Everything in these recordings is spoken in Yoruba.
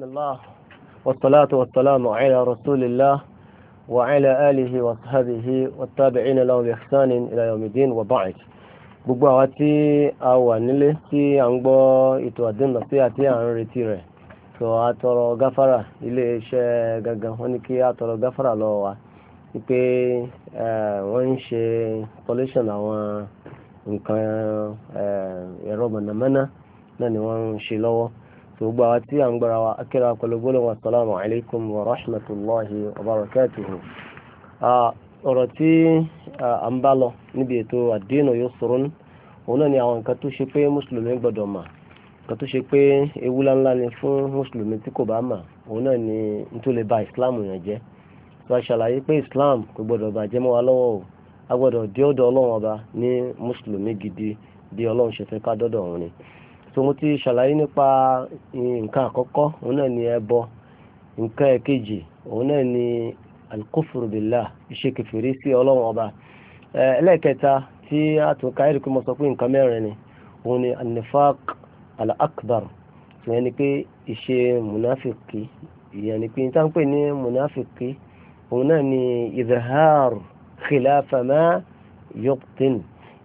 بسم الله والصلاة والسلام على رسول الله وعلى آله وصحبه والتابعين لهم بإحسان إلى يوم الدين وبعد gbogbo àwa tí a wà nílé tí à ń gbọ́ ètò àdéhùn sí àti à ń retí rẹ̀ tó a tọrọ gáfárà ilé iṣẹ́ gangan wọn ni kí a tọrọ gáfárà lọ wa wípé wọ́n ń ṣe pollution àwọn nǹkan ẹ̀rọ mọ̀nàmọ́ná náà ni wọ́n ń ṣe lọ́wọ́ gbogbo àwọn tí a ń gbára wa akẹ́rọ akọlọ́gbọ́nà wa salamu alaikum wa rahmatulahi wa barakatuhu. tí a ń bá lọ níbi ètò ad-dinu òun náà ni àwọn nǹkan tó ṣe pé mùsùlùmí gbọ́dọ̀ mà nǹkan tó ṣe pé ewu ńláńlá ni fún mùsùlùmí tí kò bá náà ni n ba islam yàn jẹ́ ṣàlàyé pé islam kò gbọ́dọ̀ bàjẹ́ mọ́ wa lọ́wọ́ o a gbọ́dọ̀ ọba ní gidi bí ọlọ́run ṣe fẹ́ ká so mo ti ṣàlàyé nípa nǹkan àkọ́kọ́ òun náà ni ẹbọ nǹkan ẹ̀kejì òun náà ni al-kufru billah ìṣe kèfèrí sí ọlọ́run ọba ẹlẹ́ẹ̀kẹta tí a tún ká ẹ̀rí pé mo sọ pé nǹkan mẹ́rin ni òun ni an-nifaq ìyẹn ni pé ìṣe munafiki ìyẹn ni pé níta ń ní munafiki òun náà ni izhar khilafa ma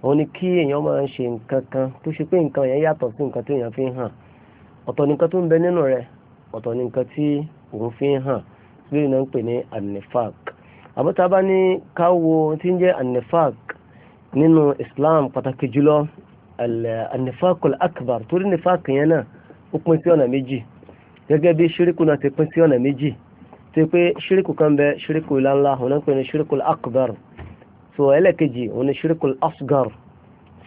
òun ni kí èèyàn máa ń ṣe nǹkan kan tó ṣe pé nǹkan yẹn yàtọ̀ sí nǹkan tí èèyàn fi ń hàn ọ̀tọ̀ ni nǹkan tó ń bẹ nínú rẹ̀ ọ̀tọ̀ ni nǹkan tí òun fi ń hàn lórí náà ń pè ní anifak àbúta bá ní ká tí ń jẹ́ anifak nínú Islam pàtàkì jùlọ anifakul akbar torí nifak yẹn náà ó pín sí ọ̀nà méjì gẹ́gẹ́ bí ṣíríkù náà ti pín sí ọ̀nà méjì tó pé ṣíríkù kan bẹ ṣíríkù ńláńlá akbar so ẹlẹ́kejì òun ni shirikul asgar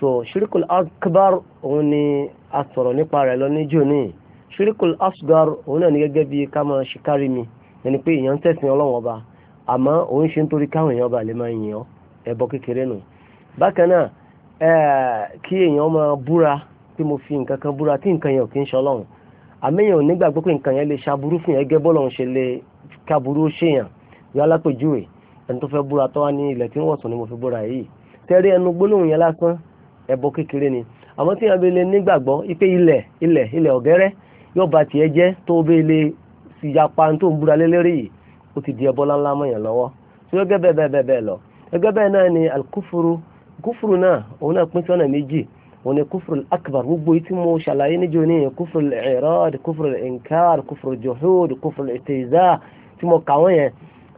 so shirikul akbar òun ni a sọ̀rọ̀ nípa rẹ̀ lọ ní jòní shirikul asgar òun náà ni gẹ́gẹ́ bí ká máa ṣìkárí mi ẹni pé èèyàn ń tẹ̀sìn ọlọ́wọ́n ọba àmọ́ òun ṣe ń torí káwọn èèyàn ọba lè máa yìn ọ́ ẹbọ kékeré nù bákan náà kí èèyàn máa búra pé mo fi nǹkan kan búra tí nǹkan yẹn ò kí ń ṣọlọ́run àmẹ́yìn ò nígbàgbọ́ pé nǹkan yẹn lè ṣaburú fún yẹn gẹ́gẹ́ bọ́lọ́run ṣe lè kaburú ṣèyàn yọ alápèjúwe ẹni tó fẹ́ búra tó wá ní ilẹ̀ tí ń wọ̀sùn ni mo fi búra yìí tẹ́rí ẹnu gbólóhùn yẹn lásán ẹbọ kékeré ni àmọ́ tí yẹn bẹ lè nígbàgbọ́ ipe ilẹ̀ ilẹ̀ ilẹ̀ ọ̀gẹ́rẹ́ yóò ba tiẹ̀ jẹ́ tó bẹ lè síyapa tó ń búra lélẹ́rì yìí ó ti di ẹbọ láńlá mọ́ yẹn lọ́wọ́ tí ó gẹ́gẹ́ bẹ́ẹ̀ bẹ́ẹ̀ bẹ́ẹ̀ lọ gẹ́gẹ́ bẹ́ẹ̀ náà ni alukufuru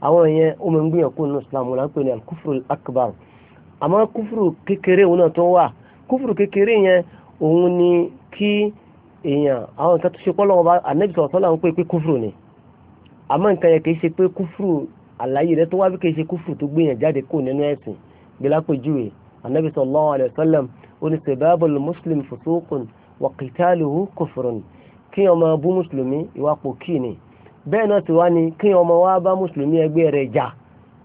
àwọn yẹn ó máa ń gbìyànjú kó nínú islam wọn ń pè ní alkufru akbar àmọ́ kufuru kékeré òun náà tó wà kúfùrù kékeré yẹn òun ni kí èèyàn àwọn nǹkan tó ṣe pọ́ lọ́wọ́ bá ànábì sọ̀rọ̀ sọ́lá pè pé kúfùrù ni àmọ́ nǹkan yẹn kì í ṣe pé kúfùrù àlàyé rẹ tó wá bí kì í ṣe kúfùrù tó gbìyàn jáde kó nínú ẹ̀sìn gbẹlápẹ̀júwe ànábì sallallahu alaihi wasallam muslim fusuqun wa qitaluhu kufrun kí ọmọ bú mùsùlùmí ìwà ni bẹ́ẹ̀ náà ti wá ni kí ọmọ wa bá mùsùlùmí ẹgbẹ́ rẹ̀ jà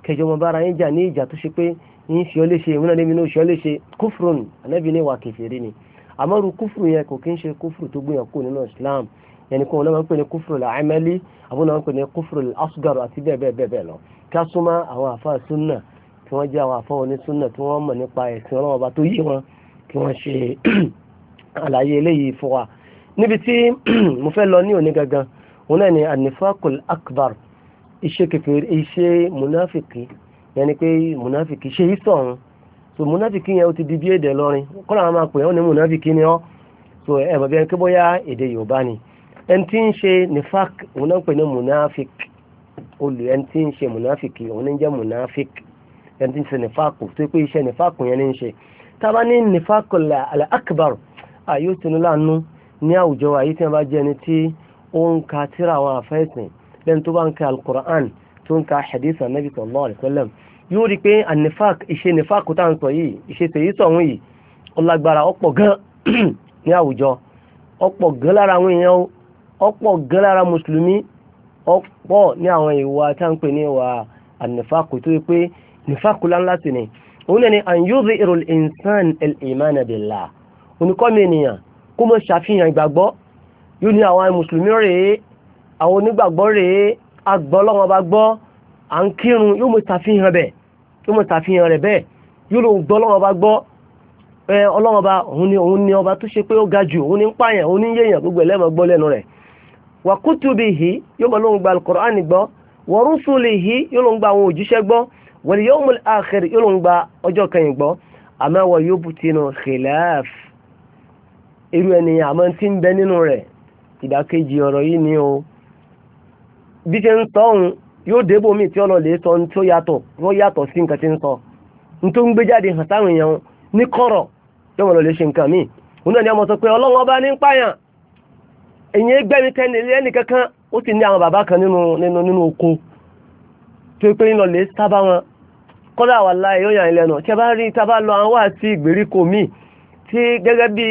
kẹjọ ọmọ bára yín jà ní ìjà tó ṣe pé ń ṣe ọ́ léṣe ìmúnà lèmi náà ṣe ọ́ léṣe kúfùrù ni ànábì ní ìwà kẹfìrí ni àmọ́rù kúfùrù yẹn kò kí ń ṣe kúfùrù tó gbìyàn kú nínú Islam yẹn ni kí wọn náà máa ń pè ní kúfùrù làámẹ́lì àbúrò náà ń pè ní kúfùrù asgaru àti bẹ́ẹ̀ bẹ́ẹ̀ bẹ́ẹ̀ lọ kí a súnmọ́ àwọn àfáà wọn náà ni anifakul akbar iṣẹ́ kékeré iṣẹ́ munafiki yẹn ni pé munafiki ṣe yìí sọ̀run so munafiki yẹn ó ti di bí èdè lọ́rin kọ́nà àwọn máa pè ọ́ ní munafiki ni ọ́ so ẹ bàbá yẹn kí bóyá èdè yorùbá ni ẹni tí ń ṣe nifak òun náà pè ní munafik olù ẹni tí ń ṣe munafiki òun ní jẹ́ munafik ẹni tí ń ṣe nifaku tó pé iṣẹ́ nifaku yẹn ní ń ṣe tába ní nifakul akbar àyè ó tinú láàánú ní àwùjọ àyè tí wọ́n bá jẹ́ ẹni tí ó ń ka tíra àwọn àfẹ́sìn lẹ́nu tó bá ń ka alukur'an tó ń ka hadith anabi sallallahu alayhi wa sallam yóò rí i pé anifak ìṣe nifak tá à ń sọ yìí ìṣe tèyí sọ̀hún yìí ó lágbára ọ̀pọ̀ gan ní àwùjọ ọ̀pọ̀ gan lára àwọn èèyàn ọ̀pọ̀ gan lára mùsùlùmí ọ̀pọ̀ ní àwọn ìwà tá à ń pè ní ìwà anifak tó yẹ pé nifak láńlá sí ni òun náà ni àyùzí irul insan el imana billah oníkọ́mi ènìyàn kó mọ̀ ṣàfihàn ìgbàgbọ́ yóò ní àwọn mùsùlùmí rèé àwọn onígbàgbọ́ rèé agbọ́ lọ́wọ́ bá gbọ́ à ń kírun yóò mú ìtàfihàn bẹ̀ yóò mú ìtàfihàn rẹ̀ bẹ́ẹ̀ yóò lòun gbọ́ lọ́wọ́ bá gbọ́ ẹ ọlọ́wọ́ bá òun ni òun ni ọba tó ṣe pé ó ga jù òun ni ń pààyàn òun ni ń yéèyàn gbogbo ẹlẹ́mọ̀ gbọ́ lẹ́nu rẹ̀ wa kutubihi yóò mọ̀ lóun gba alukur'ani gbọ́ wa rusulihi yóò lóun gba àwọn òjíṣẹ́ gbọ́ wal yawmul akhir yóò lóun gba ọjọ́ kẹyìn gbọ́ àmọ́ wa yubtinu khilaf irú ẹni àmọ́ ti ń bẹ nínú rẹ̀ ìdàkejì ọ̀rọ̀ yìí ni o bí ṣe ń sọ òun yóò débò mí tí ọlọ́lẹ̀ sọ ní tó yàtọ̀ wọ́n yàtọ̀ sí nǹkan tí ń sọ ní tó ń gbé jáde hàn sáwọn èèyàn ní kọ̀rọ̀ yóò wọ́n lọ lè ṣe nǹkan míì òun náà ni ọmọ sọ pé ọlọ́run ọba ní ń pààyàn èyàn gbẹ́mi tẹ́ni lẹ́nì kankan ó sì ní àwọn bàbá kan nínú nínú nínú oko tó pé ń lọ sábà wọn kọ́dà wà láì yóò yàn ilẹ̀ náà tí a bá rí tá a bá lọ àwọn wà sí ìgbèríko míì tí gẹ́gẹ́ bí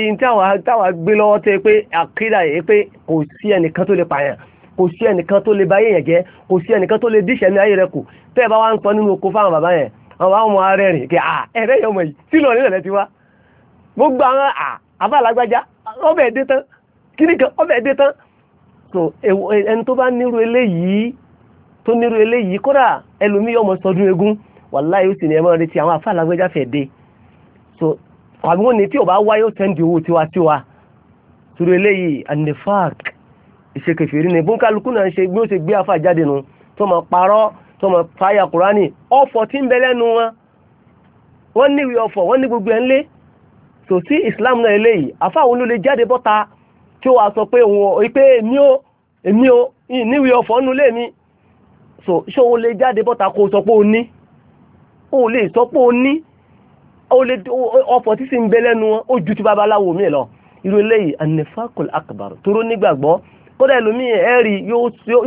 táwa gbé lọ́wọ́ tẹ́ pé àkídà yìí pé kò sí ẹnìkan tó lè pààyàn kò sí ẹnìkan tó lè báyé yẹn jẹ́ kò sí ẹnìkan tó lè díṣẹ́ ní ayé rẹ kù tẹ́ ẹ bá wá ń sọ nínú oko fáwọn bàbá yẹn àwọn ọmọ ààrẹ rìn kí ẹ̀rẹ́ yẹn yìí tí lọ nílẹ̀ ti wá gbogbo àwọn àbálágbájá ọbẹ̀ dé tán kíníkan ọbẹ̀ dé tán so e, ẹni tó bá nírú eléyìí tó nírú eléyìí kódà ẹlòmíyàn ọmọ sọdún egun wàláyé ó sì ní ẹmọ retí àwọn àfáàlágbájá fẹ̀ dé so àbí wọ́n ní tí ò bá wá yóò tẹ́ ń di owó tiwantiwa torí eléyìí anifak ìṣekèfèrí ni bóńkálukú náà ń ṣe bí ó ṣe gbé afa jáde nu tó máa parọ́ tó máa fàyà kúránì ọ̀fọ̀ tí ń bẹ lẹ́nu wọn wọ́n níwèé ọ̀fọ̀ wọ́n ní gbogbo ẹ̀ ń lé tò sí Islam náà eléyìí afa àwọn olólè jáde bọ́ta tí ó wàá sọ pé òun pé èmi ò èmi ò níwèé ọ̀fọ̀ nù lé mi ṣòwò lè jáde bọ́ta kó o sọ pé o ní o lè sọ pé o ní ọ̀pọ̀ tí sì ń bẹ lẹ́nu wọn ó ju ti babaláwo mi lọ irú eléyìí anifakul akbar tóró nígbàgbọ́ kódà ẹlòmíì ẹ̀rí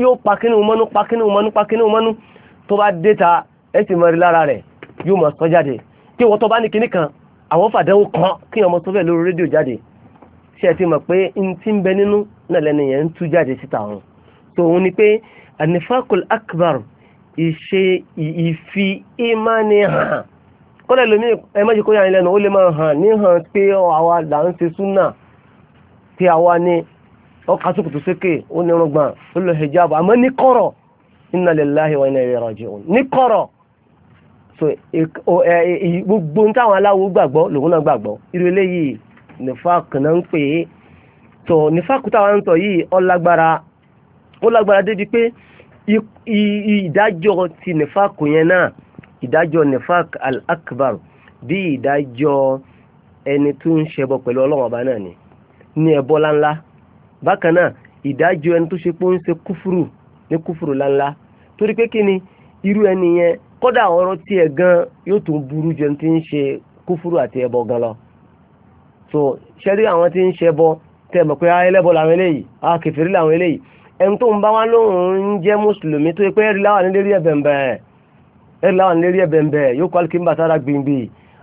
yóò pa kínní mọ́nú pa kínní mọ́nú pa kínní mọ́nú tó bá dé ta ẹ sì mọ̀ rí lára rẹ̀ yóò mọ̀ sọ jáde kí wọ́n tó bá ní kínní kan àwọn fàdánwò kan kí ọmọ tó fẹ́ lórí rédíò jáde ṣé ẹ ti mọ̀ pé n ti ń bẹ nínú náà lẹ́nu yẹn ń tú jáde síta wọn tó òun ni pé anifakul akbar ìṣe ìfi ìmánì kọ́lẹ̀ lómi ẹ má jẹ́ kó yà yín lẹ́nu ó lè máa hàn ní hàn pé àwa là ń ṣe súnà pé àwa ni ọkà tó kùtù sókè ó ní irùngbọ̀n ó lọ hijab àmọ́ ní kọ̀rọ̀ inna lillahi wa inna ilayhi raji'un ní kọ̀rọ̀ so gbogbo ní táwọn aláwo gbàgbọ́ lòun náà gbàgbọ́ irú eléyìí nifaq náà ń pè é so nifaq táwọn ń sọ yìí ó débi pé ìdájọ́ ti nifaq yẹn náà ìdájọ́ nifak al-akbar bí ìdájọ́ ẹni tó ń ṣẹbọ pẹ̀lú ọlọ́run ọba náà ni ní ẹbọ láńlá bákan náà ìdájọ́ ẹni tó ṣe pé ó ń ṣe kúfúrù ní kúfúrù láńlá torí pé kí ni irú ẹni yẹn kódà ọ̀rọ̀ tiẹ̀ gan yóò tún burú ju ẹni tí ń ṣe kúfúrù àti ẹbọ gan lọ so ṣẹ́rí àwọn tí ń ṣẹbọ tẹ́ mọ̀ pé ah, ẹlẹ́bọ làwọn eléyìí a ah, kèfèrí làwọn eléyìí ẹni tó ń bá wá lóhùn ń jẹ́ mùsùlùmí tó yẹ pé ẹ̀rí láwà nílé rí ẹ̀bẹ̀m̀bẹ̀ ẹ láwọn lérí ẹ̀bẹ̀ǹbẹ̀ yóò kọ́ kí n bá sára gbìngbì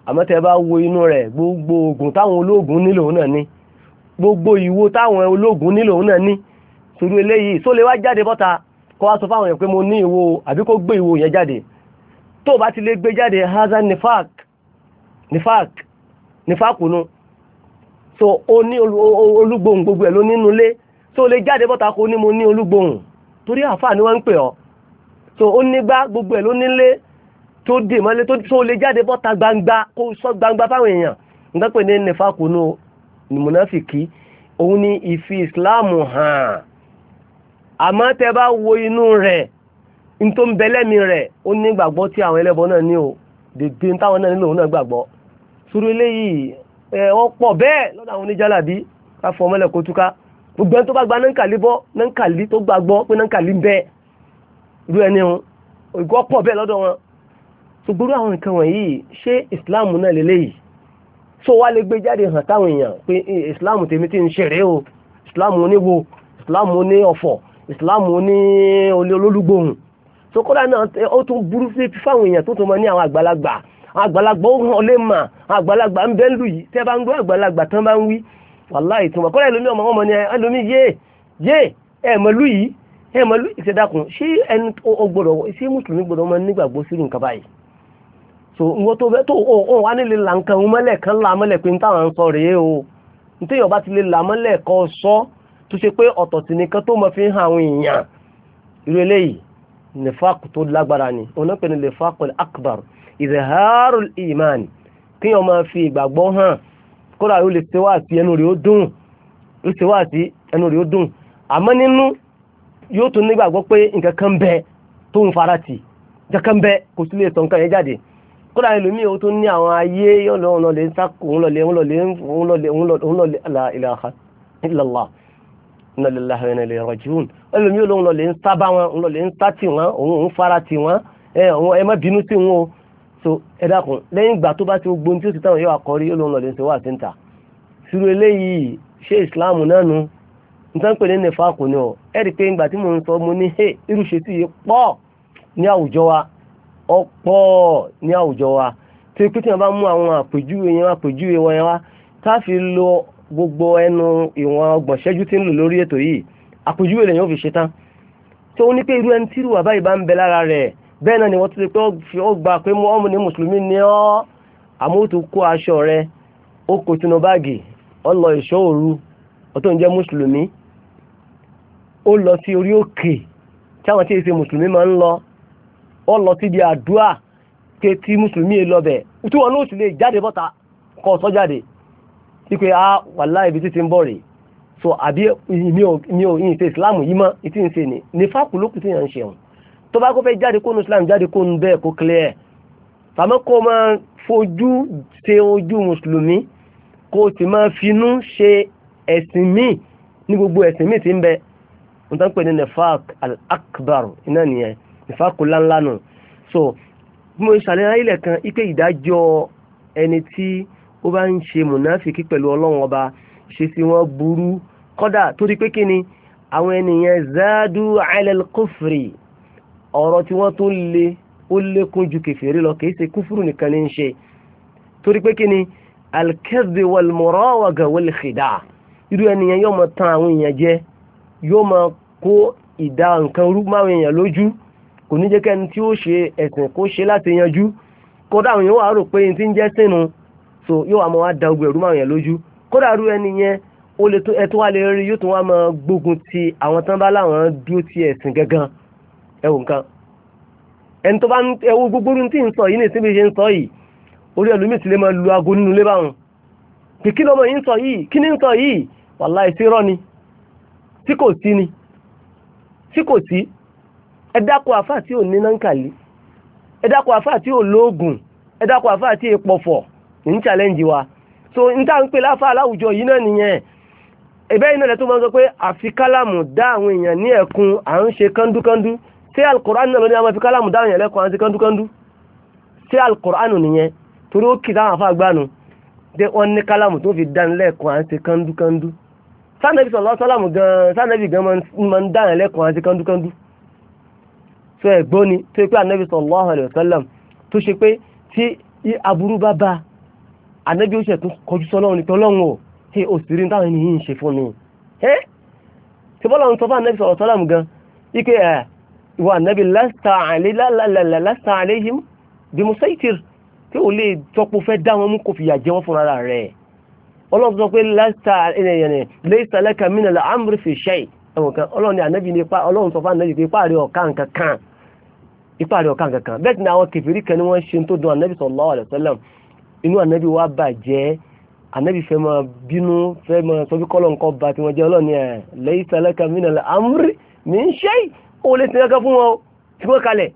àmọ́ tẹ́ bá wo inú rẹ̀ gbogbo oògùn táwọn olóògùn nílò òun náà ní gbogbo ìwo táwọn olóògùn nílò òun náà ní torí eléyìí só lè wá jáde bọ́ta kó wá sọ fáwọn èèyàn pé mo ní ìwo àbí kó gbé ìwo yẹn jáde tó o bá ti lè gbé jáde hazan nifak nifak nifakunu so o ní olúgbòhùn gbogbo ẹ̀ ló nínú ilé tó o jáde bọ́ta kó ní mo ní olúgbòhùn torí àfáà ni wọ́n ń pè ọ́ so ó nígbà gbogbo ẹ̀ ló nílé tó dè mọ́lé tó lè jáde bọ́ta gbangba kó sọ gbangba fáwọn èèyàn nǹkan pè ní nìfàkùnú mùnáfìkì òun ni ìfi ìsìláàmù hàn àmọ́ tẹ bá wo inú rẹ̀ n tó ń bẹ lẹ́mi rẹ̀ ó ní gbàgbọ́ tí àwọn ẹlẹ́bọ náà ní o dèdè táwọn náà nílò òun náà gbàgbọ́ sórí eléyìí ẹ wọ́n pọ̀ bẹ́ẹ̀ lọ́dọ̀ àwọn oníjàlábí ká fọ ọmọlẹ̀ kó túká gbogbo ẹni tó bá gba nankali bọ́ nankali tó gbàgbọ́ pé nankali ń bẹ irú ẹni o ìgbọ́ pọ̀ bẹ́ẹ̀ lọ́dọ̀ wọn ṣùgbọ́n àwọn nǹkan wọ̀nyí ṣé islam náà lélẹ́yìí tó wá lè gbé jáde hàn táwọn èèyàn pé eh, islam tèmi ti ń ṣeré o islam oníwo islam oní ọ̀fọ̀ islam oní olólùgbòhùn tó kọ́dà náà ó tún burú sí fáwọn èèyàn tó tún mọ ní àwọn àgbàlagbà àgbàlagbà ó hàn lè mà àgbàlagbà ń bẹ́ lù yìí tẹ́ bá ń gbọ́ àgbàlagbà tán bá ń wí wàláì tún wà kọ́dà ẹlòmí ọmọ ọmọ ni ẹlòmí yé yé ẹ̀ mọ̀ lù yìí ẹ̀ mọ̀ lù ìṣẹ̀dàkùn ṣé ẹni ó ṣé mùsùlùmí gbọ́dọ̀ mọ nígbàgbọ́ sírù nǹkan báyìí so nwo to o tó òun wá nílé la nǹkan òun mọ́lẹ̀ kan la mọ́lẹ̀ pé táwọn o ti lè la mọ́lẹ̀ kan sọ tó pé ọ̀tọ̀ fi hàn àwọn èèyàn irú eléyìí lagbara ni òun náà pè ní nifaq akbar izharul iman kíyàn fi ìgbàgbọ́ hàn kódà yóò le ṣe wá sí ẹnu rẹ̀ yóò tún nígbàgbọ́ pé kódà ẹlòmíì ó tún ní àwọn ayé yọ̀lọ̀ òun lọ́lẹ̀ ń sáko òun lọ́lẹ̀ òun lọ́lẹ̀ òun lọ́lẹ̀ òun lọ́lẹ̀ òun lọ́lẹ̀ la ilaha illallah inna lillahi wa inna ilayhi raji'un ẹlòmíì òun lọ́lẹ̀ ń sábà wọn òun lọ́lẹ̀ ń sá tì wọn òun òun fara tì wọn ẹ má bínú sí wọn o so ẹ dákun lẹ́yìn ìgbà tó bá ti gbóhun tí ó ti táwọn yóò akọrí òun lọ́lẹ̀ ń sọ wà ta ṣùgbọ́n eléyìí ṣé ìsìláàmù náà na nǹkan pè ní nìfà ẹ rí i pé ìgbà tí ọ̀pọ̀ ní àwùjọ wa tí pé tí wọ́n bá mú àwọn àpèjúwe yẹn àpèjúwe wọn yẹn wá tá a fi lo gbogbo ẹnu ìwọ̀n ọgbọ̀n ṣẹ́jú tí ń lò lórí ètò yìí àpèjúwe lèyìn ó fi ṣe tán tó ní pé irú ẹni tí irú bàbá bá ń bẹ lára rẹ̀ bẹ́ẹ̀ náà ni wọ́n ti pé ó gbà pé ọmọ ní mùsùlùmí ni ọ́ àmóhùtú kó aṣọ rẹ̀ ó kò tinú báàgì ó lọ ìṣọ́ òru ó tó ń jẹ́ mùsùlùmí ó lọ sí orí òkè tí tí èsì ọ lọ síbi àdúrà ké tí mùsùlùmí lọ́bẹ̀ tí wọn lóòsì lè jáde bọ́ta kọ́ ọ sọ jáde wípé a ah, wàláhì ibi títí ń bọ̀ rè so àbí mi ò yin ṣe islam yìí mọ́ ìtì ń ṣe ni ní fáàkù lókùn tí yàn ń ṣeun tó bá kó fẹ́ jáde kó nu islam jáde kó nu bẹ́ẹ̀ kó clear tàmí kó máa fojú ṣe ojú mùsùlùmí kó o sì máa finú ṣe ẹ̀sìn míì ní gbogbo ẹ̀sìn míì ti ń bẹ n tán pè ní nefak al-akbar iná nìyẹn ìfáàkù ńláńlá nù so mo ṣàlẹ́ ayé lẹ́kan ipe ìdájọ́ ẹni tí ó bá ń ṣe mùnáfìkì pẹ̀lú ọlọ́run ọba ṣe sí wọn burú kọ́dà torí pé kíni àwọn ènìyàn zaadu alẹ́lkófìrì ọ̀rọ̀ tí wọ́n tó le ó lékún ju kẹfìrí lọ kìí ṣe kúfúrú nìkan ní í ṣe torí pé kíni alkẹ́dì wàlmọ́rọ́wàgà wàlìkìdá irú ènìyàn yóò máa tan àwọn èèyàn jẹ yóò máa kó ìdá nǹkan rú máwọn èèyàn lójú kò ní jẹ́ kẹ́ni tí ó ṣe ẹ̀sìn kó ṣe láti yanjú kódà àwọn èèyàn wà rò pé ti ń jẹ́ sínú so yóò wà mọ́ wá da ogun ẹ̀rú máa yẹn lójú kódà rú ẹni yẹn ó lè tún ẹtún wá lè rí yóò tún wá máa gbógun ti àwọn tán bá láwọn dúró ti ẹ̀sìn gangan ẹ̀wò nǹkan ẹni tó bá ń ẹwú gbogbo ohun tí ń sọ yìí ní ìsinmi ṣe ń sọ yìí orí ẹlòmíì ti lè máa lu aago nínú ilé báwọn kìkì lọmọ yìí ń sọ yìí kí ni ń sọ yìí wàláì sí rọ ni tí kò sí ni tí kò sí ẹ dákun àfáà tí ò ní nánkàlí ẹ dákun àfáà tí ò lóògùn ẹ dákun àfáà tí èpọ̀fọ̀ challenge wa so n tá n pe láfa aláwùjọ yìí náà nìyẹn ẹ̀bẹ́ yìí náà lẹ́tọ́ máa ń sọ pé àfi dá àwọn èèyàn ní ẹ̀kún à ń ṣe kándúkándú ṣé náà ló ní àwọn àfi àwọn èèyàn à ń ṣe kándúkándú ṣé nìyẹn torí ó kì í ní tó fi à ń ṣe kándúkándú sanabi sọlọ gan sanabi gan máa tó ẹ̀gbọ́n ni tó yẹ pé anabi sallallahu alayhi wa sallam tó ṣe pé tí aburú bá bá anabi ó tó kọjú sọlọ́run ní ọlọ́run o ṣe táwọn ènìyàn ń ṣe fún ni ẹ́ tí bọ́lá ń sọ fún anabi sallallahu sallam gan ike ẹ̀ ìwọ anabi lasta alayhi lasta alayhim bi musaitir tí o lè tọ́pọ̀ fẹ́ dá wọn mú kò fìyà lasta ẹ̀yẹ̀yẹ̀ laysa amri fi shay ẹ̀wọ̀n kan ni anabi ní pa ọlọ́run sọ fún anabi ipa rẹ̀ ọ̀kan kankan bẹ́ẹ̀ ni àwọn kẹfìrí kan ni wọ́n ṣe tó dùn anabi sallallahu alaihi wasallam inú anabi wa bàjẹ́ anabi fẹ́ máa bínú fẹ́ máa sọ bí kọ́lọ̀ nǹkan ba tiwọn jẹ́ ọlọ́ni ẹ̀ eh, laysa laka minal amri min shay' ó lè sin kankan fún wọn tí wọ́n kalẹ̀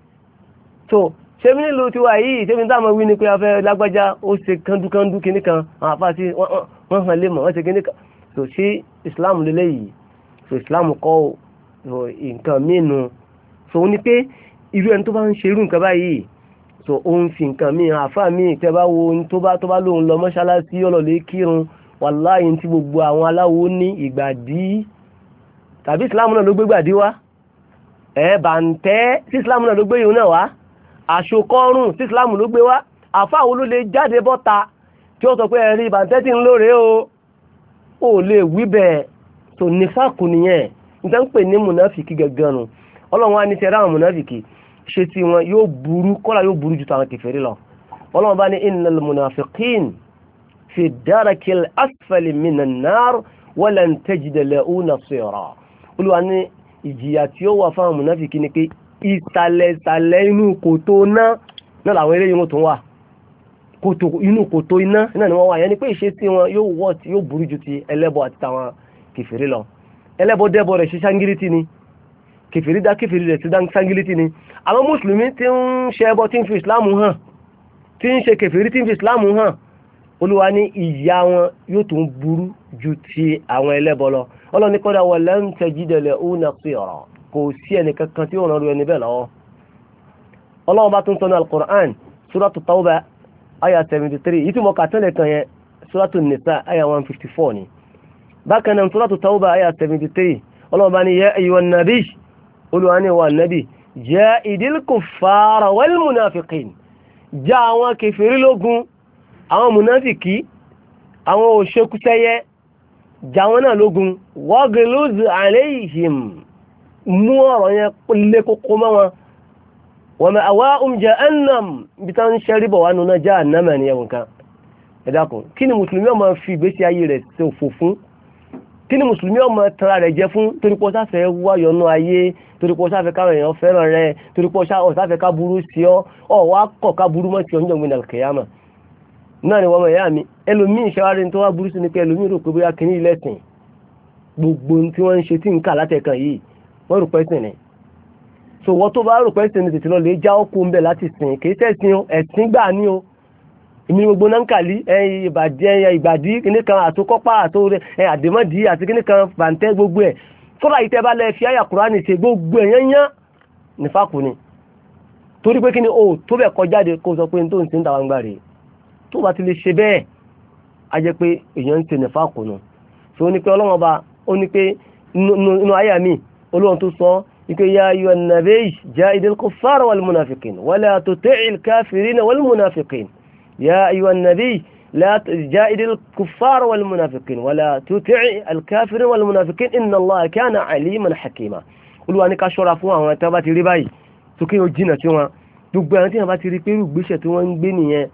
so ṣé mi nílùú tiwa yìí ṣé mi ní táwọn wí ni pé afẹ́ lágbájá ó ṣe kándukandu kinní kan àwọn wọ́n hàn lé mọ̀ wọ́n ṣe kinní kan so ṣé islam lélẹ́yìí so islam kọ́ nǹkan mí nu so ní pé irú ẹni tó bá ń ṣe irú nǹkan báyìí tó ó ń fi nǹkan míì àfa míì tẹ bá wo ohun tó bá tó bá lóun lọ mọ́ṣáláṣí ọlọ́lẹ̀ kírun wàláyé tí gbogbo àwọn aláwo ní ìgbàdí tàbí ìsìláàmù náà ló gbé gbàdí wá ẹ bàǹtẹ́ sí ìsìláàmù náà ló gbé yòó náà wá àṣokọ́rùn sí ìsìláàmù ló gbé wá àfa wo ló jáde bọ́ta tí ó sọ pé ẹ̀rí bàǹtẹ́ tí ń lóore o ò lè wí bẹ́ẹ̀ tó nífàkù nìyẹn nítorí pé ní mùnàfìkì gẹ́gẹ́ nù ọlọ́run á ní ti ẹ̀rọ àwọn mùnàfìkì ṣe tí wọn yóò burú kọ́lá yóò burú ju tàwọn kèfèrí lọ ọlọ́run bá ní innal munafiqin fi darakil asfali minan nar walan tajida ni pé ìsàlẹ̀sàlẹ̀ inú kòtò náà náà làwọn eléyìí wọn tó ń wà kòtò inú kòtò ni wọ́n wà yẹn ni pé ìṣesí wọn yóò wọ́ yóò burú ju ti ẹlẹ́bọ àti tàwọn kèfèrí lọ ẹlẹ́bọ dẹ́bọ rẹ̀ ṣe ṣáńgírítì ni kèfèrí dá kèfèrí rẹ̀ ṣe ṣáńgírítì ni àwọn mùsùlùmí tí ń ṣe ẹbọ tí ń fi ìsìláàmù hàn tí ń ṣe kèfèrí tí ń fi ìsìláàmù hàn olúwa ní ìyà wọn yóò tún burú ju ti àwọn ẹlẹ́bọ ọlọ́ni kọ́dà wọ lẹ́ńtẹ̀ jídẹ̀lẹ̀ ọ̀nà pé ọ̀rọ̀ kò sí ẹnì kankan tí òun rọrùn ẹni bẹ́ẹ̀ lọ́wọ́ ọlọ́wọ́ bá tún sọ alukur'an suratu tawba aya seventy three yìí tí mo kà kan yẹn suratu nisa aya one fifty four ni bákan náà suratu tawba aya seventy three ọlọ́wọ́ bá ní yẹ ẹ̀yọ́ nàbí olúwa ní wà nàbí jẹ́ ìdílkù fara wal munafiqin já àwọn kèfèrí lógun àwọn munafiki àwọn òṣèkúsẹ́yẹ já wọn náà lógun waghluz alayhim mú ọ̀rọ̀ yẹn lé kókó mọ́ wọn wa ma'wahum jahannam bí tá ń ṣẹ́rí bọ̀ wá nínú jahannam ẹ̀nìyẹn nǹkan ẹ̀dàkùn kí ni mùsùlùmí ọmọ kí ni mùsùlùmí ọmọ tara rẹ̀ jẹ fún torípọ̀ sáfẹ́ wáyọ̀nù ayé torípọ̀ sáfẹ́ káwọn èèyàn fẹ́ràn rẹ torípọ̀ sáfẹ́ ká burú sí ọ ọ wá kọ̀ ká burú mọ́ ti ọjọ́ kẹyàmà náà ni wọ́n mọ̀ ìyá mi ẹlòmíì ìṣẹ́wárí tó wá burú sí ni pé ẹlòmíì rò pé bóyá kìíní ilẹ̀sìn gbogbo tí wọ́n ń ṣe tí ń kà látẹ̀kan yìí wọ́n rò pé ni so wọ́n tó bá rò pé ni tètè lọ lè já ọkùnrin bẹ̀ láti sìn kì í ṣẹ̀sìn ẹ̀sìn gbà ní o èmi gbogbo náà ń kàlí ẹyin ìbàdí ẹyin ìbàdí kíní kan àtòkọ́pá àtò àdèmọ́dì àti kíní kan bàǹtẹ́ gbogbo ẹ̀ fúnra yìí tẹ́ bá lẹ fi àyà kúránì ṣe gbogbo ẹ̀ yányán nífàkù ni torí pé kíni o tó bẹ̀ kọjáde kó sọ pé n tó ń sin tàwọn gbà rè tó bá ti lè ṣe bẹ́ẹ̀ a jẹ́ pé èèyàn ń ní pé ọlọ́wọ́n bá pé nínú يا أيها النبي لا جائد الكفار والمنافقين ولا تطع الكافر والمنافقين إن الله كان عليما حكيما olúwa ní ká ṣọ́ra fún àwọn ẹ̀tọ́ bá ti rí báyìí tó kí wọ́n jìnà tí wọ́n gbogbo àwọn tí wọ́n bá ti rí pẹ̀lú ìgbésẹ̀ tí wọ́n ń gbé nìyẹn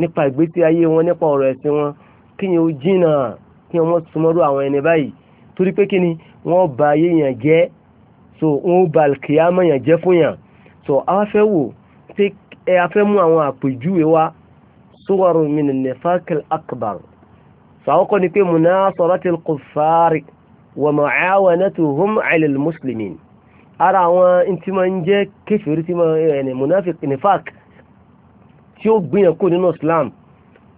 nípa ìgbésí ayé wọn nípa ọ̀rọ̀ ẹ̀sìn wọn kí ni jìnà kí wọ́n súnmọ́rú àwọn ẹni báyìí torí pé kí ni wọ́n ba ayé yàn jẹ́ so wọ́n ba kìámọ̀ yàn jẹ́ fún yàn so a fẹ́ wò pé a fẹ́ mú àwọn àpèjúwe wa suwaru min nifakil akbar sàwọ́kọ́ ni pé munasaratil kufari wa ma'awanatuhum 'ala al-muslimin ara àwọn tí ma ń jẹ́ kéfèrí tí ma ẹni munafik nifak tí ó gbìyàn kó nínú islam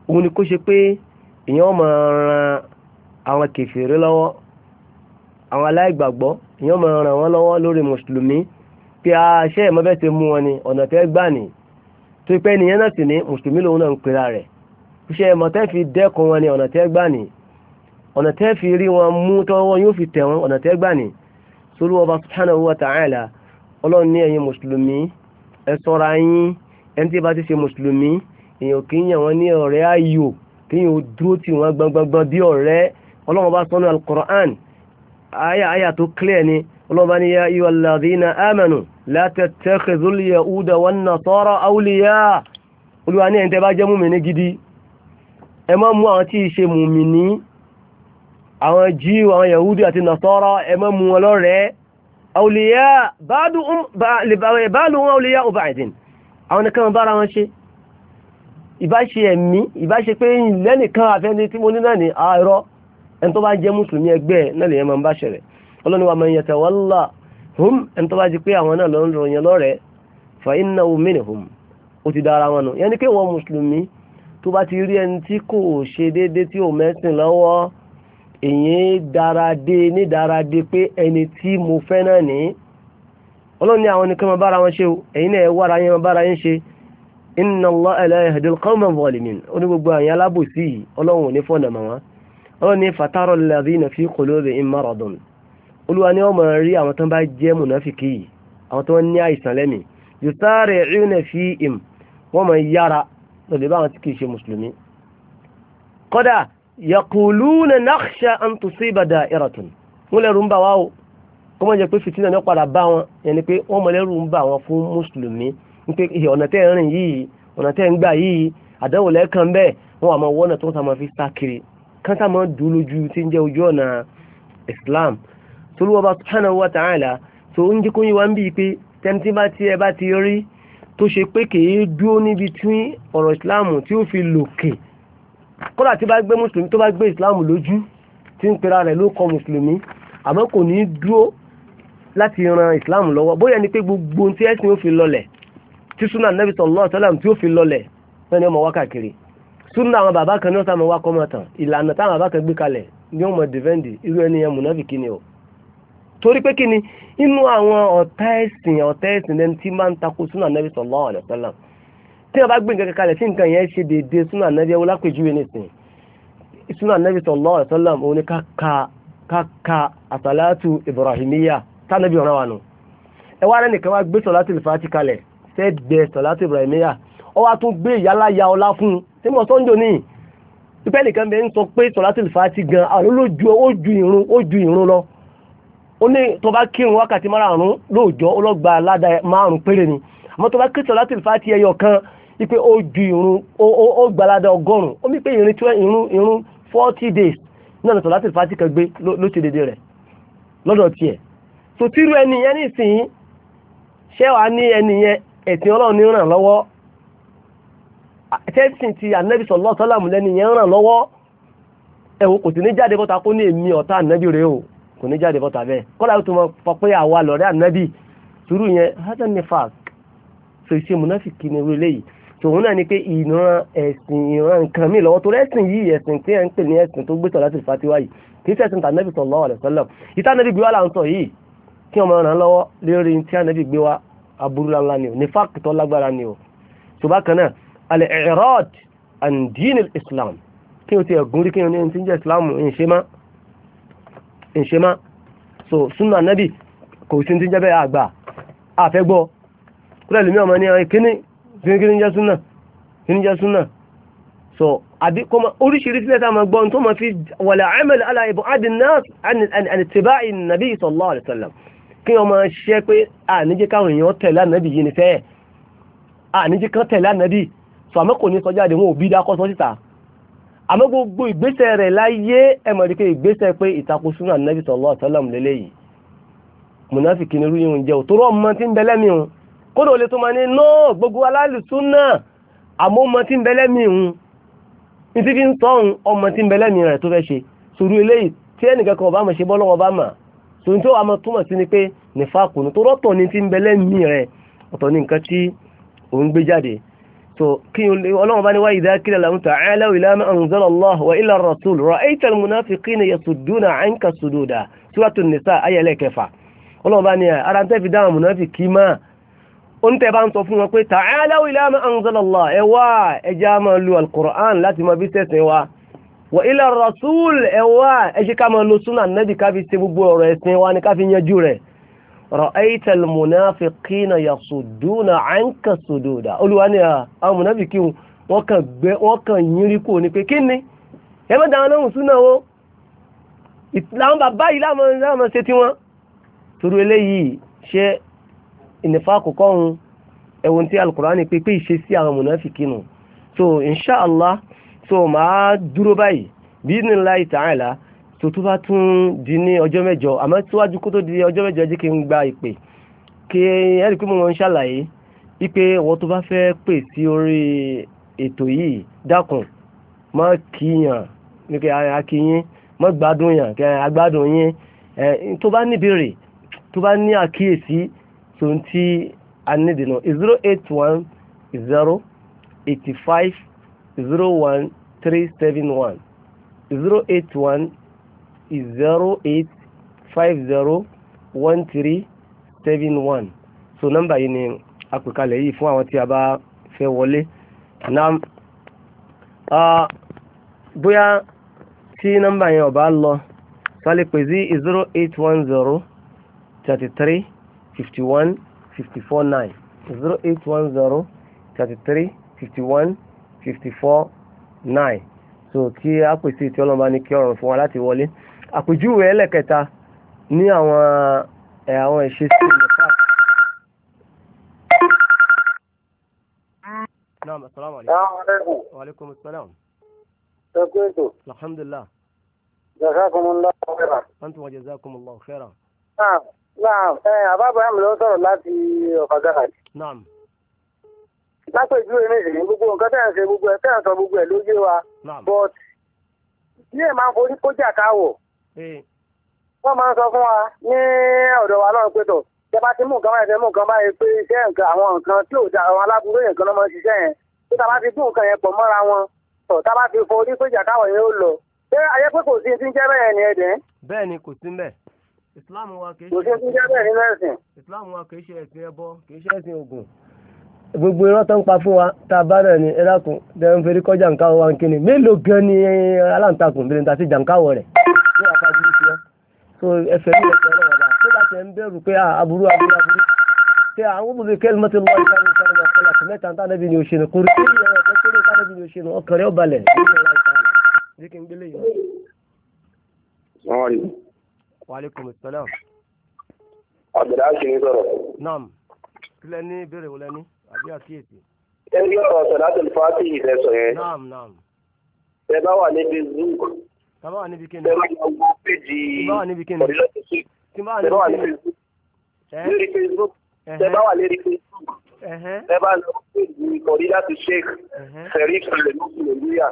òun ni kó ṣe pé èèyàn máa ran àwọn kéfèrí lọ́wọ́ àwọn aláìgbàgbọ́ èèyàn máa ran wọn lọ́wọ́ lórí mùsùlùmí pé a ṣe ìmọ̀bẹ́sẹ̀ mú wọn ni ọ̀nà tẹ́ gbà nìyí tó pé nìyẹn náà sì ní mùsùlùmí lòun náà ń pera rẹ̀ iṣẹ́ ẹ̀mọ́ fi dẹ́kun wọn ni ọ̀nà tẹ́ gbà ní ọ̀nà tẹ́ fi rí wọn mú tọ́wọ́ yóò fi tẹ̀ wọn ọ̀nà tẹ́ gbà ní sólú ọba subhanahu wa ta'ala ọlọ́run ní ẹ̀yin mùsùlùmí ẹ ṣọ́ra yín ẹni tí bá ti ṣe mùsùlùmí èèyàn kì í yàn wọ́n ní ọ̀rẹ́ ayò kì í yàn ó dúró tì wọ́n gbangbangbang bí ọ̀rẹ́ ọlọ́run bá sọ́nù al-Qur'an aya àyà tó clear ni ọlọ́run bá ní yá ayyuhalladhina amanu la tattakhidhu al-yahuda wan-nasara awliya olúwa ní ẹni tẹ́ bá jẹ́ mùmínì gidi ẹ má mú àwọn tí ì ṣe mùmínì àwọn jíù àwọn yahudi àti nasara ẹ má mú wọn lọ́rẹ̀ẹ́ awliya ba'duhum awliya ba'din àwọn nìkan bára wọn ṣe ìbáṣe ẹ̀mí ìbáṣe pé lẹ́nìkan àfẹ́ni tí mo ní náà ní àárọ̀ ẹni tó bá jẹ́ mùsùlùmí ẹgbẹ́ náà lè yẹn máa ń bá ṣẹlẹ̀ ọlọ́ni wa man yatawalla hum ẹni tó bá di pé àwọn náà lọ ń ròyìn lọ́rẹ̀ẹ́ fa iná omi ni hum ó ti dára wọn nù yẹn ni pé wọn mùsùlùmí tó bá ti rí ẹni tí kò ṣe déédéé tí ò mẹ́sìn lọ́wọ́ èyí dáradé ní dáradé pé ẹni tí mo fẹ́ náà ní ọlọ́run ní àwọn nìkan máa bára wọn ṣe o ẹ̀yin náà ẹ wára yẹn máa bára yẹn ṣe inna Allaha la yahdi al-qawma ó ní gbogbo àyàn alábòsí yìí ọlọ́run ò ní fọ́nà mọ́ wọn ọlọ́run ní fatarọ alladhina fi qulubihim maradun olúwa ni wọ́n máa rí àwọn tó ń bá jẹ́ mùnáfìkì yìí àwọn tó ń ní àìsàn lẹ́mìí yusari'una fihim wọ́n máa yára lọ́dẹ̀ bá àwọn tí kì ṣe mùsùlùmí. kọ́dà yaquluna nakhsha an tusiba da'iratun wọ́n lẹ́rù ń bà wá o kó mọ̀ jẹ́ pé fìtínà ní padà bá wọn yẹn pé wọ́n mọ̀ lẹ́rù ń bà wọn fún mùsùlùmí ń pé ọ̀nà tẹ́ ń rìn yìí ọ̀nà tẹ́ ń gbà yìí àdánwò lẹ́ẹ̀kan bẹ́ẹ̀ wọ́n àmọ́ wọ́nà tó ń sá máa fi sá kiri kán sá máa dùn lójú tí ń jẹ́ ojú ọ̀nà Islam tolúwọba subhanahu wa ta'ala tó ń jí kóyìn wá ń bí i pé tẹ́ntí bá ti ẹ bá ti rí tó ṣe pé kìí dúró níbi tí ọ̀rọ̀ ìsìláàmù tí ó fi lòkè kódà tí bá gbé mùsùlùmí tó bá gbé ìsìláàmù lójú tí ń pera rẹ̀ ló kọ mùsùlùmí àmọ́ kò ní dúró láti ran ìsìláàmù lọ́wọ́ bóyá ni pé gbogbo ohun tí ẹ̀sìn ó fi lọlẹ̀ tí súnà nàbì sallallahu alaihi wasallam tí ó fi lọlẹ̀ náà ni ọmọ wá káàkiri súnà àwọn bàbá kan ní ọ̀sán àwọn wá kọ́mọ̀tàn ìlànà táwọn bàbá kan gbé kalẹ̀ ní ọmọ dìvẹ́ndì irú ẹni yẹn mùnáfìkì ni o torí pé kí ni inú àwọn ọ̀tá ẹ̀sìn ọ̀tá ẹ̀sìn lẹ́nu tí máa ń takò súnà nẹ́bí sallallahu alaihi wasallam tí wọ́n bá gbé nǹkan kalẹ̀ tí nǹkan yẹn ṣe déédéé súnà nẹ́bí ẹwọ́ lápèjúwe nìsín súnà nẹ́bí sallallahu alaihi wasallam òun ni káka káka àsàlátù ibrahimiya tánàbí ọ̀ràn wa nù ẹ wá rẹ nìkan wá gbé sọ̀látù ìfàtí kalẹ̀ sẹ́gbẹ̀ẹ́ sọ̀látù ibrahimiya ọ wá tún gbé ìyálàyà ọlá fún un tí mo sọ́njọ́ nìyí pípẹ́ nìkan bẹ́ẹ̀ ń sọ pé sọ̀látù ìfàtí gan àwọn olójú ó ju ìrun ó ju ìrun ó ní tó bá kírun wákàtí márùn-ún lóòjọ́ ọlọ́gba aládà márùn-ún péré ni àmọ́ tó bá kí sọ̀lá tìlifá ti ẹyọ kan ipe ó ju irun ó gba aládà ọgọ́rùn-ún ó pé irun irun irun forty days náà ní sọ̀lá tìlifá ti kàn gbé ló ṣe rẹ̀ lọ́dọ̀ tiẹ̀ tírú ẹni yẹn nísìnyí ṣé wàá ní ẹni yẹn ẹ̀sìn ọlọ́run ràn lọ́wọ́ ti lẹ́ni yẹn kò ní jáde bọ́ta bẹ́ẹ̀ kọ́lá tó mọ pọ pé àwa lọ́rẹ́ ànábì sùúrù yẹn hasan nifak so ìṣe munafiki ni wọlé yìí tòun náà ni pé ìran ẹ̀sìn ìran nǹkan mi lọ́wọ́ torí ẹ̀sìn yìí ẹ̀sìn pé ẹ̀ ń pè ní ẹ̀sìn tó gbé sọ̀rọ̀ láti fatiwa yìí kì í sẹ̀sìn tànàbì sallallahu alaihi wasallam ìta nàbì gbé wà là ń sọ yìí kí ọmọ ràn lọ́wọ́ lórí tí ànàbì gbé wà aburú ńlá ni o nifak tó lágbára ni o ṣùgbọ́n kan náà al-i'rad an din al-islam kí o ti ẹ̀gún kí o ní ti ń jẹ́ islam ń ṣe máa ìṣe má so súnà nẹ́bì kò sí ti jẹ́bẹ̀ àgbà àfẹ́gbọ́ kúrẹ́ lèmi ọmọ ní kíní kíní jẹ́ súnà kíní jẹ́ súnà so àbí kò mọ oríṣiríṣi lẹ́tà máa gbọ́n tó máa fi wala amal ala ibadi nas an ittiba'i nabi sallallahu alaihi wasallam kí wọ́n máa àmọ́ gbogbo ìgbésẹ̀ rẹ̀ láyé ẹ̀mọ̀ rí pé ìgbésẹ̀ pé ìtakò súnà nàbì sallallahu alaihi wasallam lélẹ́yìí mùnáfìkì ni rúyìn jẹ́ òtòrò ọmọ tí ń bẹ lẹ́mìí hun kódò lè tó máa ní náà gbogbo aláàlù súnà àmọ́ ọmọ tí ń bẹ lẹ́mìí hun ní ti fi ń tọ́ hun ọmọ tí ń bẹ lẹ́mìí rẹ̀ tó fẹ́ ṣe sùúrù eléyìí tí ẹnìkan so kí ọlọ́run bá ní wáyé ìdákílẹ̀ làwọn tó àálẹ́ ìlà anzala Allah wa ila rasul ra'aytal munafiqina yasudduna anka sududa suratun nisa ayẹlẹ́ kẹfà ọlọ́run bá ní ara ń tẹ́fi dáhùn munafiki máa ó ń tẹ́ bá ń sọ fún wọn pé ta'alaw ila ma anzala Allah ẹ wá ẹjẹ́ máa lu al láti máa bí tẹ̀sìn wa wa ila rasul ẹ wá ẹjẹ́ ká máa lo sunan nabi ká fi ṣe gbogbo ọ̀rọ̀ ẹ̀sìn wa ni ká fi yanjú rẹ̀ ra'aita almunafiqina yasudduna anka sududa Olúwa ni ah, àwọn munafiki wọ́n kàn gbé wọ́n kàn yínrí kò ní pé kí ni ẹ mọ́ dáwọn lóhùn súnà wo ìlànà bàbá yìí láwọn ṣe tí wọ́n torí eléyìí ṣe ìnìfà àkókò ọ̀hún ẹ̀wọ̀n tí alukurani pé pé ìṣesí àwọn munafiki nù so inshallah so màá dúró báyìí bí ní láì tó tó bá tún di ní ọjọ́ mẹ́jọ àmọ́ síwájú kó tó di ọjọ́ mẹ́jọ jẹ́ kí n gba ìpè kí ẹ rí i pé mo mọ̀ ń ṣàlàyé wípé ọ̀wọ́ tó bá fẹ́ pè sí orí ètò yìí dákun má kíyàn ní kí a kíyìn má gbádùn yàn kí a gbádùn yín tó bá níbèrè tó bá ní àkíyèsí tó ń tí a zero eight one zero eighty five zero one three seven one zero eight one is zero eight five zero one three seven one so number yìí ni àpèkalẹ̀ yìí fún àwọn tí a bá fẹ́ wọlé àná bóyá tí nọ́mbà yẹn ò bá lọ sálẹ pé sí zero eight one zero thirty three fifty one fifty four nine zero eight one zero thirty three fifty one fifty four nine so kí a pèsè tí ọlọ́mọba ní kí ọ̀rọ̀ fún wa láti wọlé àpèjúwe ẹlẹ́kẹta ní àwọn àwọn ìṣesí ìlẹ̀fà. naam asalaamu aleykum. wa aleykum salaam. ṣe kí n tó. alhamdulilah. jazakumullah khairan. antum wa jazakumullah khairan. naam naam ẹ àbábọ̀ ẹ̀ mi ló sọ̀rọ̀ láti ọ̀kadà. naam lápèjúwe méjì gbogbo nǹkan tẹ́ ẹ̀ ń ṣe gbogbo ẹ̀ tẹ́ ẹ̀ ń sọ gbogbo ẹ̀ lójú wa. but ní ẹ̀ máa ń forí kójà káwọ̀. Eh. wọ́n máa ń sọ fún wa ní ọ̀dọ̀ wa lọ́rùn pétọ̀ ti mú nǹkan báyìí fẹ́ mú nǹkan báyìí pé iṣẹ́ nǹkan àwọn nǹkan tí ò àwọn yẹn kan ń ṣiṣẹ́ yẹn bá ti nǹkan yẹn pọ̀ mọ́ra wọn tọ̀ bá ti fọ orí péjà yẹn ó lọ ṣé ayé pé kò sí ti ń jẹ́ bẹ́ẹ̀ ni kò sí mbẹ̀ a bá rẹ̀ dẹ́rùn kọjá nǹkan wa mélòó gan ni aláǹtakùn rẹ̀. so ẹsẹ̀ ní ẹsẹ̀ náà wà tó bá tẹ̀ ń bẹ̀rù pé aburú aburú aburú tẹ àwọn obìnrin bíi kẹ́lí mọ́tò lọ́wọ́ ìtàn ìtàn ìtàn ìtàn ìtàn mẹ́ta ní tàbí ní òṣèlú kúrú kí ni ẹ̀rọ ẹ̀kọ́ ní tàbí ní òṣèlú ọkàn rẹ̀ ó balẹ̀ ní kí n ní ọ̀rọ̀ sọ̀dá tó fàá sí ìfẹ́ yẹn. ẹ bá wà níbi zook tàbá wà níbi kíni. tàbá wà níbi kíni. tàbá wà níbi kíni. lórí facebook tẹ́bá wà lérí facebook tẹ́bá lọ sí ìkọ̀rí láti sheikh sẹ̀rí ìṣẹ̀lẹ̀ lóṣù nàìjíríà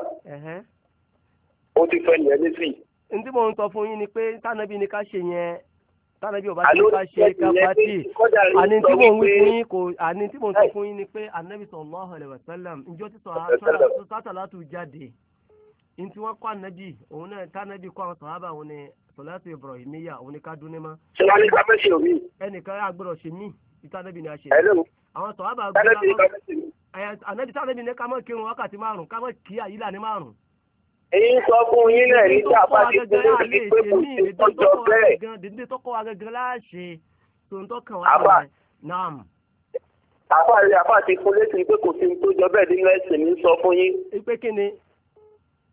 ó ti fẹ́ yẹn nísì. n tí mo ń sọ fún yín ni pé tánàbí ni ká ṣe yẹn tánàbí ò bá ṣe ká ṣe ká pàtì àní tí mo ń wí fún yín kò àní tí mo ń sọ fún yín ni pé anabi sallallahu alaihi wasallam ǹjọ́ ti sọ àtàlátù jáde ní tí wọ́n kọ́ ànábì òun náà tánábì kọ́ àwọn sàhábà òun ni sọláṣẹ ibrahimiya òun ni ká dún ní ma. ṣé wàá ní ká fẹ́ ṣe omi. ẹnìkan àgbọ̀dọ̀ ṣe mí ìtànẹ́bì ni a ṣe. àwọn sàhábà gbọ́dọ̀ ànábì tànábì ni ká má kírun wákàtí márùn-ún ká má kí àyílà ní márùn-ún. èyí sọ fún yín náà ní tí ti kú lórí pé kò sí ọjọ́ bẹ́ẹ̀. dídí tọkọ wa láàṣẹ tòǹtọ́ kan wà náà àfáàrí àfáà ti kún létí pé kò sí tó jọ nínú ẹ̀sìn ní sọ fún yín. ìpè kí ni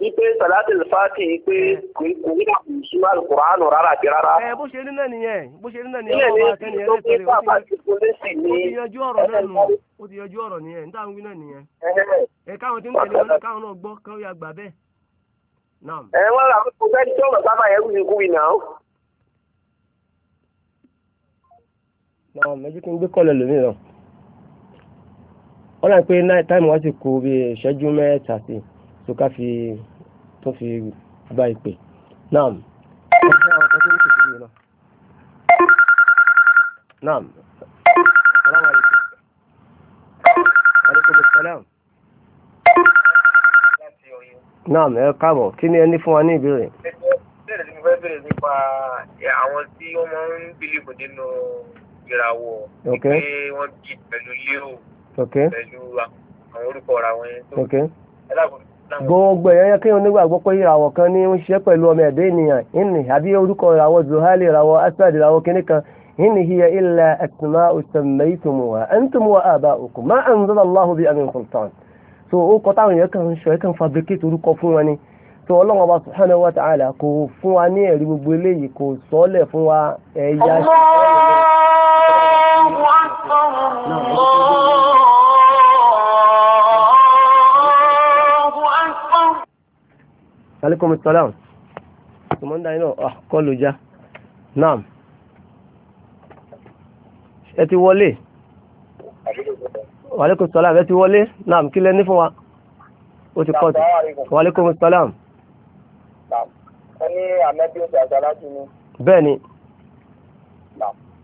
ipe salatul fati ipe kò ní kò ní suma alukur'anu rárá àti rárá. ẹ eh, bó ṣe rí náà nìyẹn bó ṣe rí náà nìyẹn ọmọ akẹ́ni ẹ̀ lẹ́sẹ̀ rẹ̀ ó ti yanjú ọ̀rọ̀ náà nù ó ti yanjú ọ̀rọ̀ nìyẹn níta ń wí náà nìyẹn. ẹ káwọn tí ń tẹ̀lé ọlọ́ káwọn náà gbọ́ káwọn yà gbà bẹ́ẹ̀. ẹ wọ́n rà kó fẹ́ tí ọ̀rọ̀ sábà yẹ kúbi kúbi náà. náà mẹ́jọ kí n gbé kọ́lẹ̀ lómi náà wọ́n rà pé táìmù wá ti kú bíi ìṣẹ́jú mẹ́ta sí i tó ká fi tó fi bá ìpè náà náà salaam alaikum alaikum salaam naam ẹ káàbọ̀ kí ni ẹ ní fún wa ní ìbéèrè. bẹ́ẹ̀ ni mo fẹ́ bẹ̀rẹ̀ nípa àwọn tí wọ́n máa ń bílíìfù nínú ìràwọ̀ pé wọ́n bí pẹ̀lú leo pẹ̀lú àwọn orúkọ ọ̀rọ̀ àwọn yẹn tó ẹ̀dàgbọ̀n gbogbo ẹ̀yẹ́ kí wọ́n nígbàgbọ́ pé ìràwọ̀ kan ní ń ṣiṣẹ́ pẹ̀lú ọmọ ẹ̀dẹ́ ènìyàn ìní àbí orúkọ ìràwọ̀ zuhali ìràwọ̀ asad ìràwọ̀ kìnnì kan ìní hiya illa asma'u sammaytumuha antum wa aba'ukum ma anzala Allahu biha min sultan so ó kọ táwọn èèyàn kan ń ṣọ ẹ fabricate orúkọ fún wọn ni tó ọlọ́run ọba subhanahu alaikum salaam tòmọ́ndà yìí náà kọlù ah, já naam ẹ ti wọlé wàlékún salaam ẹ ti wọlé naam kí lẹ ní fún wa ó ti kọ́ọ̀tù wàlékún salaam. ẹni àmẹ́bí ó ti àṣà láti ní. bẹ́ẹ̀ ni.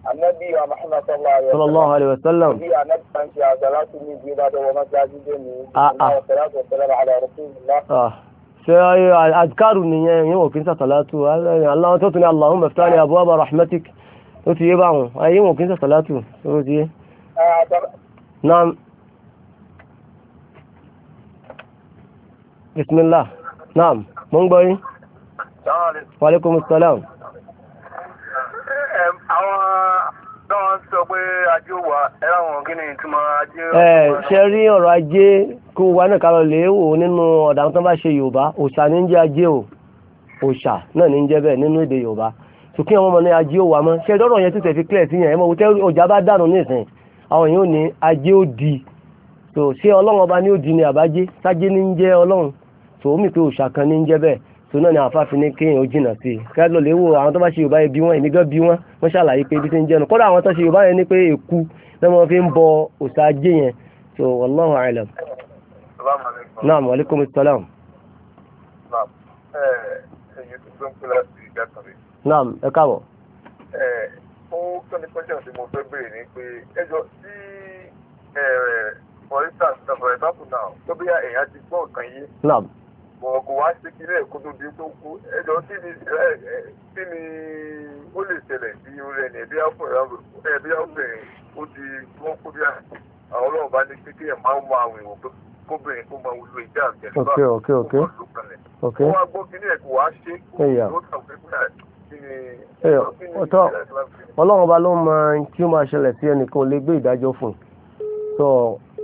àmẹ́bí Muhammad sallallahu alayhi wa sallam. bí àmẹ́bí máa ń ṣe àṣà láti ní ìgbéra lọ́wọ́ mọ́ṣáájú lónìí. ah ah. ah adkaru nìyẹn yẹn wò kí n sàtàlátù aláwọn tó tún ní Allahumma iftah li abwaba rahmatik ó ti yé báwọn ayé wò kí n sàtàlátù ó ti yé. naam bismillah naam mo ń gbọ́ yín. wa salaam. àwọn náà sọ pé ajé wà ẹ̀rọ àwọn kí ni ìtumọ̀ ajé. ṣe rí ọ̀rọ̀ ajé kó wa náà ká lọ lè wò nínú ọ̀dà tó bá ṣe yorùbá òòṣà ní ń jẹ́ ajé o òòṣà náà ní ń jẹ́ bẹ́ẹ̀ nínú èdè yorùbá tòkí àwọn ọmọ ní ajé ó wà mọ́ ṣe dọ́rọ̀ yẹn títẹ̀ fi clear sí yẹn ẹ̀ wọ́n tẹ́ ọjà bá dànù nísìn àwọn yóò ní ajé ó di tó ṣé ọlọ́run ọba ní ó di ni àbájé sájé ní ń jẹ́ ọlọ́run tó omi pé òòṣà kan ní ń jẹ́ bẹ́ẹ̀ tó náà ni àfa fi ní kéèyàn ó jìnà sí i ká lọ lè wo àwọn tó bá ṣe yorùbá yẹn bí wọn èmi gan bí wọn wọn ṣàlàyé pé ibi tí ń jẹnu kódà àwọn tó ṣe yorùbá yẹn ní pé èkú náà fi ń bọ òòṣà ajé yẹn tó wallahu a'lam naam aleykum salaam. naam ẹ káàbọ̀. ó kẹ́ni pẹ́sẹ̀ tí mo fẹ́ béèrè ni pé ẹjọ́ tí for instance for example now tó bí èèyàn ti gbọ́ nǹkan yé. naam. bọ̀ kò wá sí kí ilé ẹ̀kọ́ tó di tó kú ẹjọ́ kí ni kí ni ó lè ṣẹlẹ̀ sí orí ẹni ẹ̀bí ọkùnrin ó ti wọ́n kú bí àwọn ọlọ́run bá ní kékeré máa ń mọ àwọn èèwọ̀ kóbìnrin kó máa wúlò ìjà àgbẹ̀ nígbà tó wọ́n lò kalẹ̀. wọ́n wá gbọ́ kí ní ẹ̀kọ́ wá ṣe kó ló tàn pé kúrò ọtọ Ọlọ́run ọba ló mọ tí ó máa ṣẹlẹ̀ sí ẹnìkan lè gbé ìdájọ́ fún so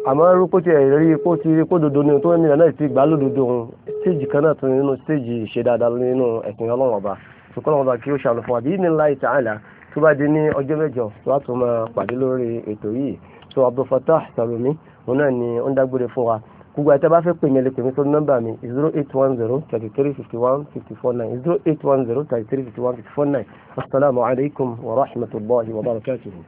àmọ́ rú kó tiẹ̀ rí kó ti rí kó dodo ni tó ní ìdáná ìtì gbà lódodo òun stéèjì kan náà tó nínú stéèjì ìṣe dáadáa nínú ẹ̀sìn Ọlọ́run ọba tó kọ́ Ọlọ́run ọba kí ó ṣàánú fún wa bí ní láì tààlà tó bá di ní ọjọ́ mẹ́jọ láti máa pàdé lórí ètò yìí so Abdulfatah Salumi òun náà ni ó ń dágbére fún wa gbogbo àti abáfẹ́ pè mí ẹ lè pè mí sórí nọ́mbà mi zero eight one zero thirty three fifty one fifty four nine zero eight one zero thirty three fifty one fifty four nine asalaamualeykum wa rahmatulahi wa barakatuhu.